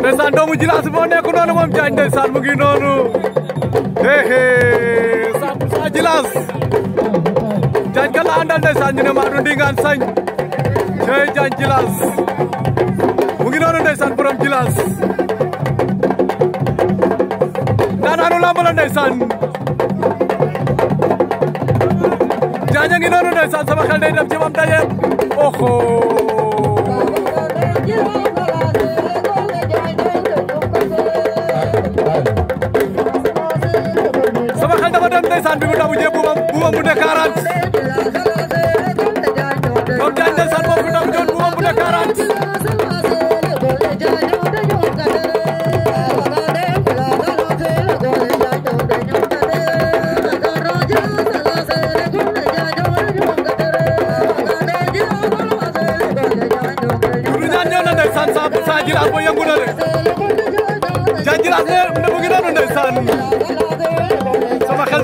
ndeysaan doomu Jilaas moo nekk noonu moom Diagne ndeysaan mu ngi noonu hehe cent pour cent Jilaas Diagne anda la àndal ndeysaan ñu ne maa du ndingaan sañ cey Diagne Jilaas mu ngi noonu ndeysaan borom Jilaas daanaanu lamb la ndeysaan Diagne sama xel day dem ci mam daje oho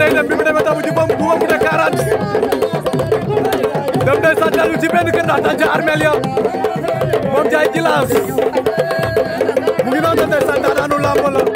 lay dem bi mu demee tamu ci bom bu bom de 40 dem day sàttalu ci benn kër ndax ca armeel ya moom jaay jilaas mu ngi noonu day sàttalu lamb la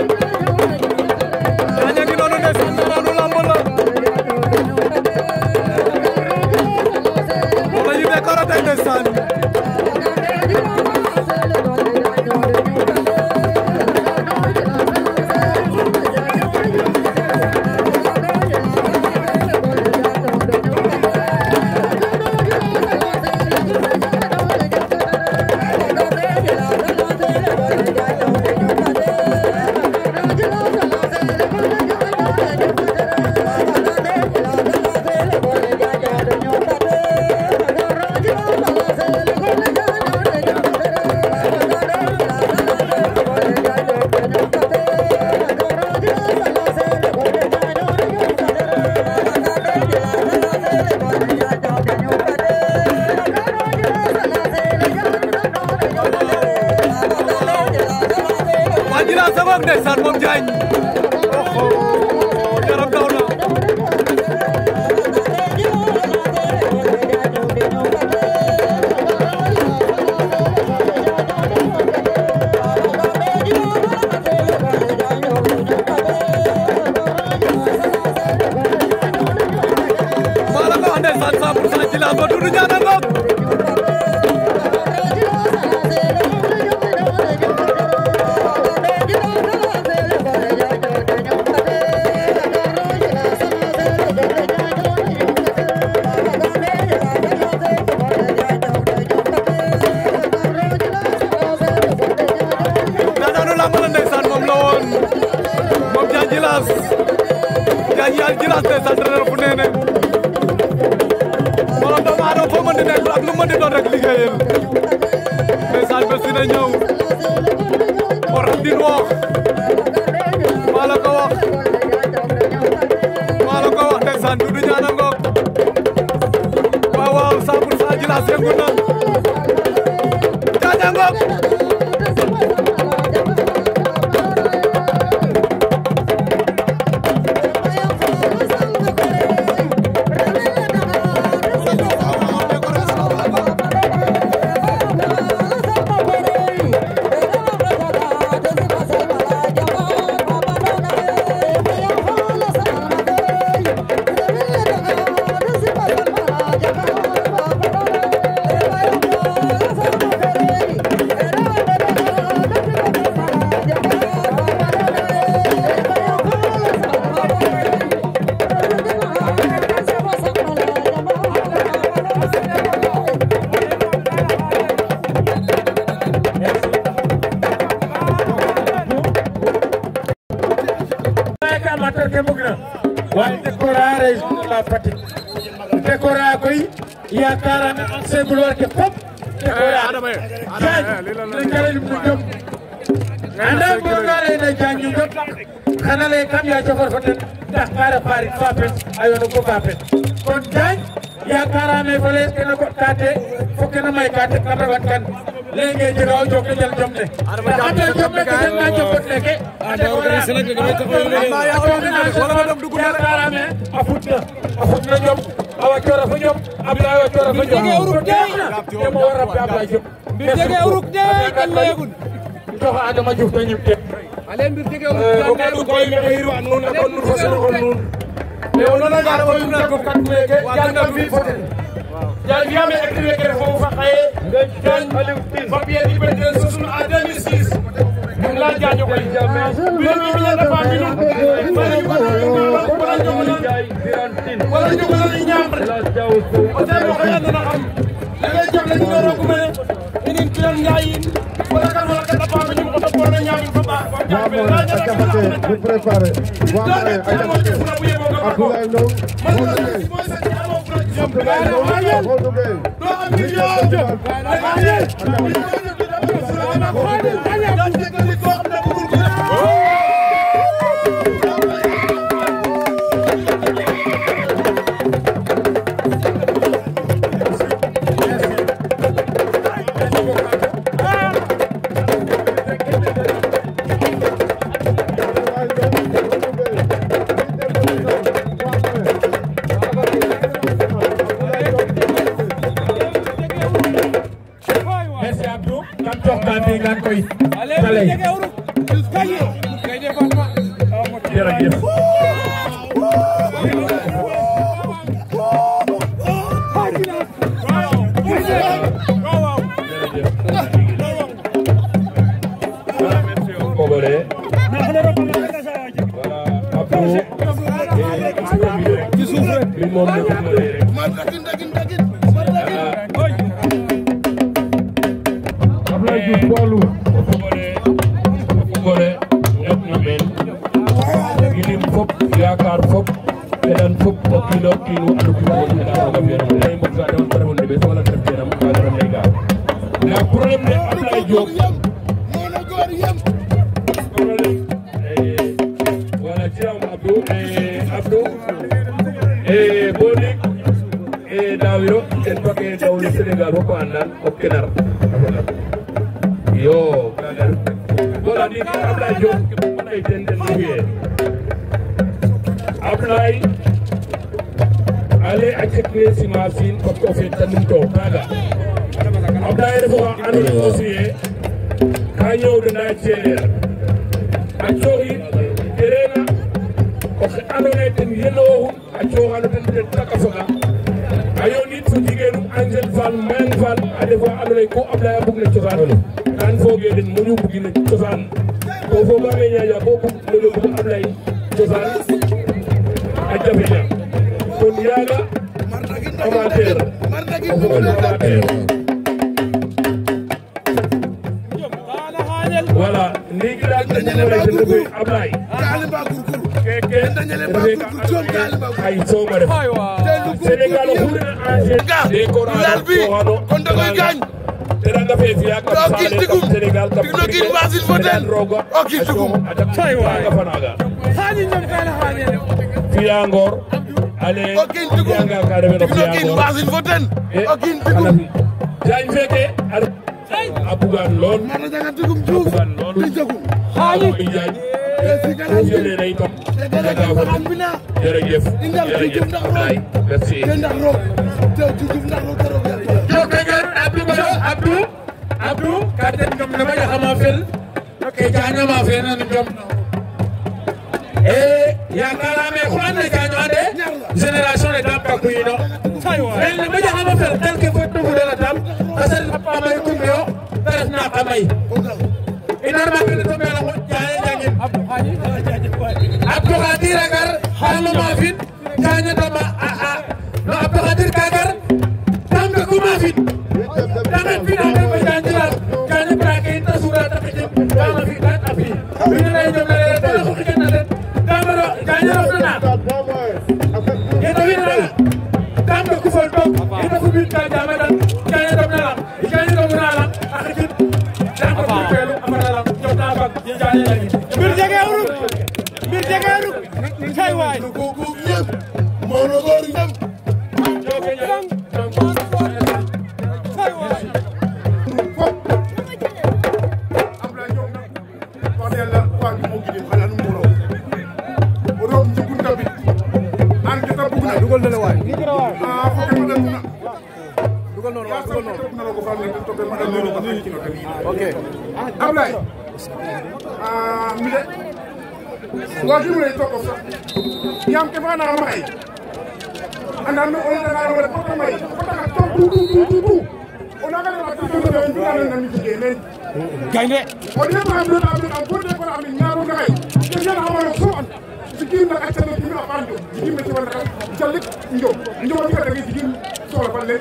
Ndeysaan moom Diagne 是不 waaye Décora région de la Fatick Décora koy yaakaarame an sebulor ke fop Décora eh, eh, jaaj eh, ne kalañum no jom anda boga leyna jañum jot xana lay kam ya cofor fo ten ndax ka ref parit fa pen a yono ko ka pen kon jaaj fo lees kene goɗ ka fo kene may ka te kam lenge jega o jok a njal jomne ande jomne ke jal na jokot leke yakarame a futna a futna jom a wacora fo jom ablaye wacora fo jom yemo warab de ablaye jom mbir jege o ruk de kan leyegun coxa adama diouf te ñim ten o kadu koy mexey irwa nuun a kon nuun fo sunu kon nuun mais o nananga koy nuun a gof kat meke jalna fi fo ten jaajaame activé kene foofu fa xaye jaan papier di président so sunu en 2006 ñun laa jaajo koy mbir mi mi ñana faa minun fane ñu ko wala jogolan wala jogolan i ñaam rek o tey waxo yàlla na xam la ngay jam la ñu doon roogu mene inin kilan ñaayin wala kan wala kan apa ko ñu ko topp wala ñaamin fa baax Vamos, acabate, vous préparez. Vamos, acabate. Abdoulaye Ndong, vous allez. Abdoulaye Ndong, Hold the game. koy tale jërëjëf Obole e abdou e boni e dawiro ten fake dawle sénégal fopo andan fop ke nar iyo kaga bona ndiki ablaye diop ke bugona ten ten fiye ablaye ale a cekne sima fiin parce que o feet tanum to kaga ablaye refo xa ando naye aussi ye ka ñoowdana cereer a coox goɗɗo adoreɗen yelowum acco hanoɗenɗen taka foga a yoni fo jiguenum angel fall mayan fall ade fois ko ablaya bug ne cosaan ono an fogeɗen moƴo bugine cosaan ko fogame ñaƴa ko bug moƴo bug ablay cosaan a jafeña kon yaga amateur o fogon amateur voilà ndiki ɗa ɗumɓoyten refoy ablay fekke reɓeka ande ay somare sénégal oxuna angel décorado oxano teranga fe fiya kam sale kam sénégal kam no kin wasil fo ten o kin tugum aywaga fanaga xani ñam kana xanene fiya ngor ale fiyanga ka refeno fiya ngor kin wasil fo ten o kin tugum jañ feke a bugan lool a bugan lool xani bu ñu yónnee day topp nga gaaw ko jërëjëf jërëjëf Ablaye merci. jokkañal Abdou Baro Abdou Abdou katen jom ne baƴa xama fel e cañoma fenani jom e yakarame xu an ne caño ande génération ne dam pakuyino el ne baƴa xama fel tel ke fo tugudela tam a saret xa pamay cum yo te ref naqa may i normal fene to mbiala ngoƴ ira gar haalnoma fin kañatama a a no abdouhadir ka gar aɓeella waagi mogidim xana num muro o roog njugun tamit an ke ta bugna dugal nene waay a foke mada nuna dugal noon waay dugal noon na rogo fan leke toke mada nuroga xan kino ten ok Ablaye a mi de waagim ley tokof sax yaam ke fa naxa maxey andaam me o retanga roga ret fota may fota ngat tong du du du du o naaga lema tatoga meen duga nan na mi jige meen gaynde o ɗeɓa noɗa men an foti kono amin ñaano nakay e yen amano so on jigimna accane jimi a fanjo jigimɓe tiwanta kay jallik jo jowati ka dagi jigim sohla balle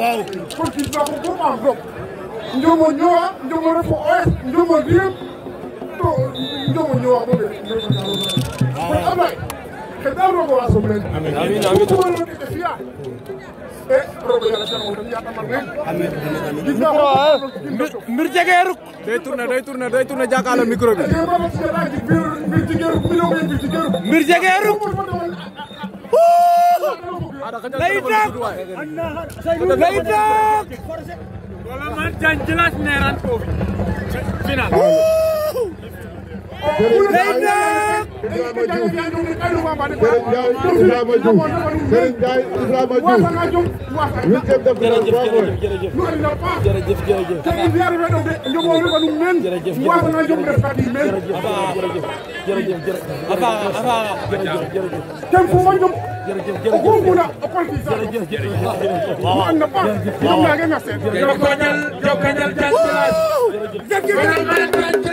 waw kon ko pour am dog jomo ñowa jomo refo os jomo riyam to jomo ñowa ɓoɓe kon ablay ke darnogo waso men ko kuɓanoɗe ɓe fiya mbir jege ruk day tourné day tourné day tourné jàkkaarloo micro bi mbir jege ruk lay dëkk lay dëkk wala man jañ jilaas neeran foofu final Jërëjëf jërëjëf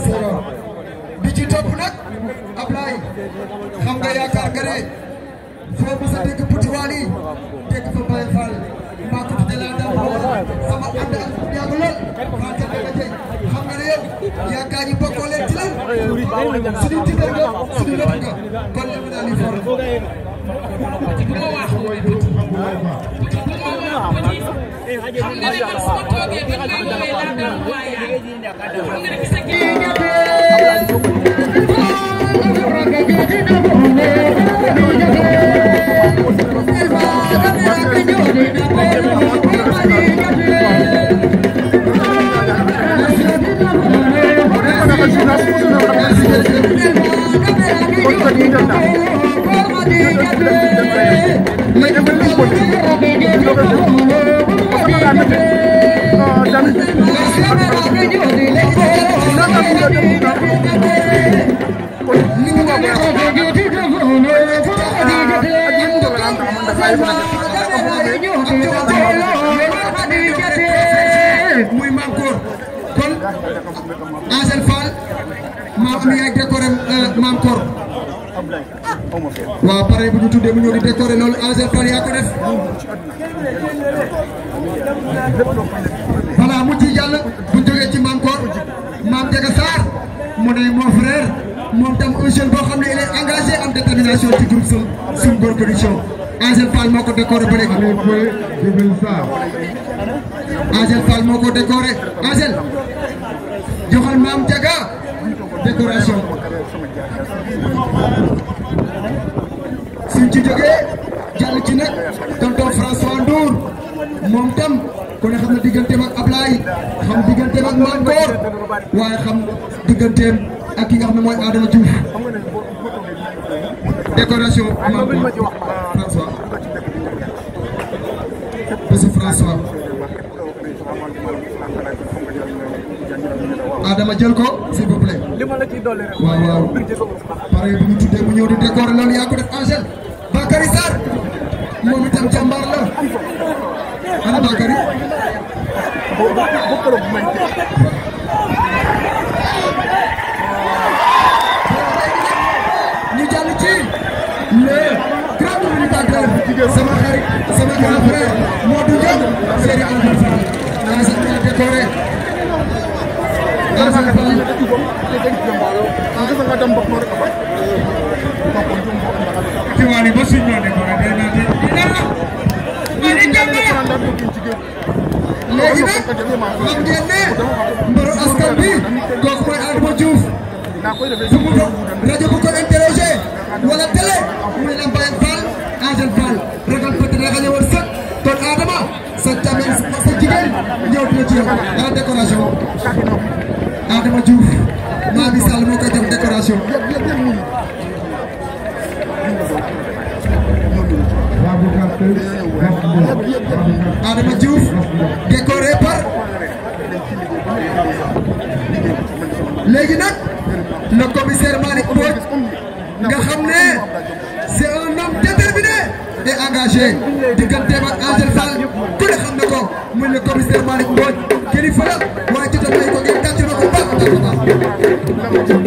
solo bi ci topp nag Ablaye xam nga yaakaar nga ne foo mos a dégg Petit Wally dégg fa Baye Fall maa ko tuddee laa daaw sama ànd ak yàgg lool waa ca Ndeye Ndiaye xam nga ne yow yaakaar ñu bokkoo leen ci lan suñu tiite nga suñu lépp nga kon lépp daal di for bu ma wax bu ma waaw muy maam góor kon Angel Fall maam am yaay décoré maam Kor waaw pare bu ñu tuddee mu ñëw di décoré loolu def organisation ci groupe Sow suñu góor production Angel Fall moo ko décoré ba léegi. Angel Fall moo ko décoré Angel joxal maam Diaga décoration suñ ci jógee jàll ci nag tonton François Ndour moom tam ku ne xam na digganteem ak Ablaye xam digganteem ak Mangor waaye xam digganteem ak ki nga xam ne mooy Adama Diouf. décoration Omar François monsieur François Adama jël ko s'il vous plaît waaw waaw pare bu ñu tuddee mu ñëw di décorer loolu yaa ko def Angèle Bakary Sarr la ana Camfrère moo dugal Seri Albarsan wala lampa tamit sa jigéen ñëw dina ci yow la décoration Adama Diouf maa bi Sall moo koy jox décoration. Adama Diouf décoré par léegi nag le commissaire Malick Mbodj nga xam ne. et engagé de capteur bac angersal que les hommes de corps, mais le commissaire Malik Mbaye, qu'il lui fasse, moi je te le prie, tu ne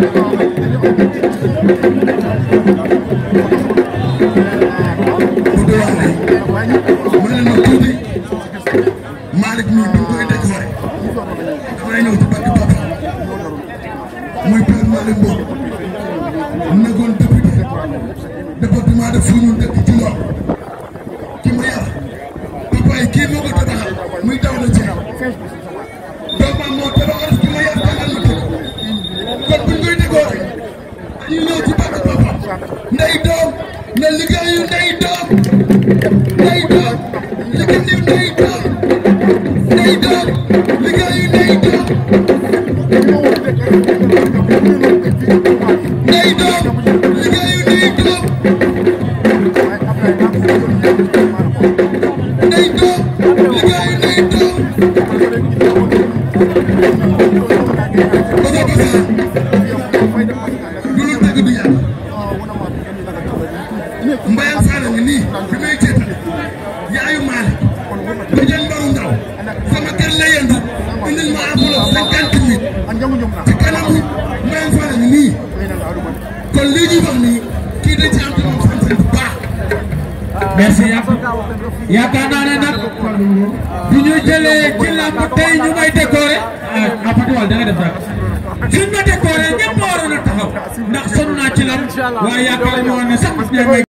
me pas. kon buñ koy décorer dañuy ñëw ci bàq boppam ndey doom na liggéeyu ndey doom ndey doom liggéeyu doom ndey doom liggéeyu ndey doom ndey doom liggéeyu ndey doom ndey doom Mbayang Saala ngi nii bi may yaayu maale bu jël mbaru ndaw sama kër la yendu indil ma enveloppe cinquante mille ci kanamu Mbayang Saala nii kon lii ñuy wax nii kii da ci am moom sant bu baax. merci yaakaar naa ne nag bi ñu jëlee ñu may décorer ah Fatou Wal da nga def dara. suñ ma décoré ñëpp ma waroon a taxaw ndax sonn naa ci lam waaye yaakaar naa ne sax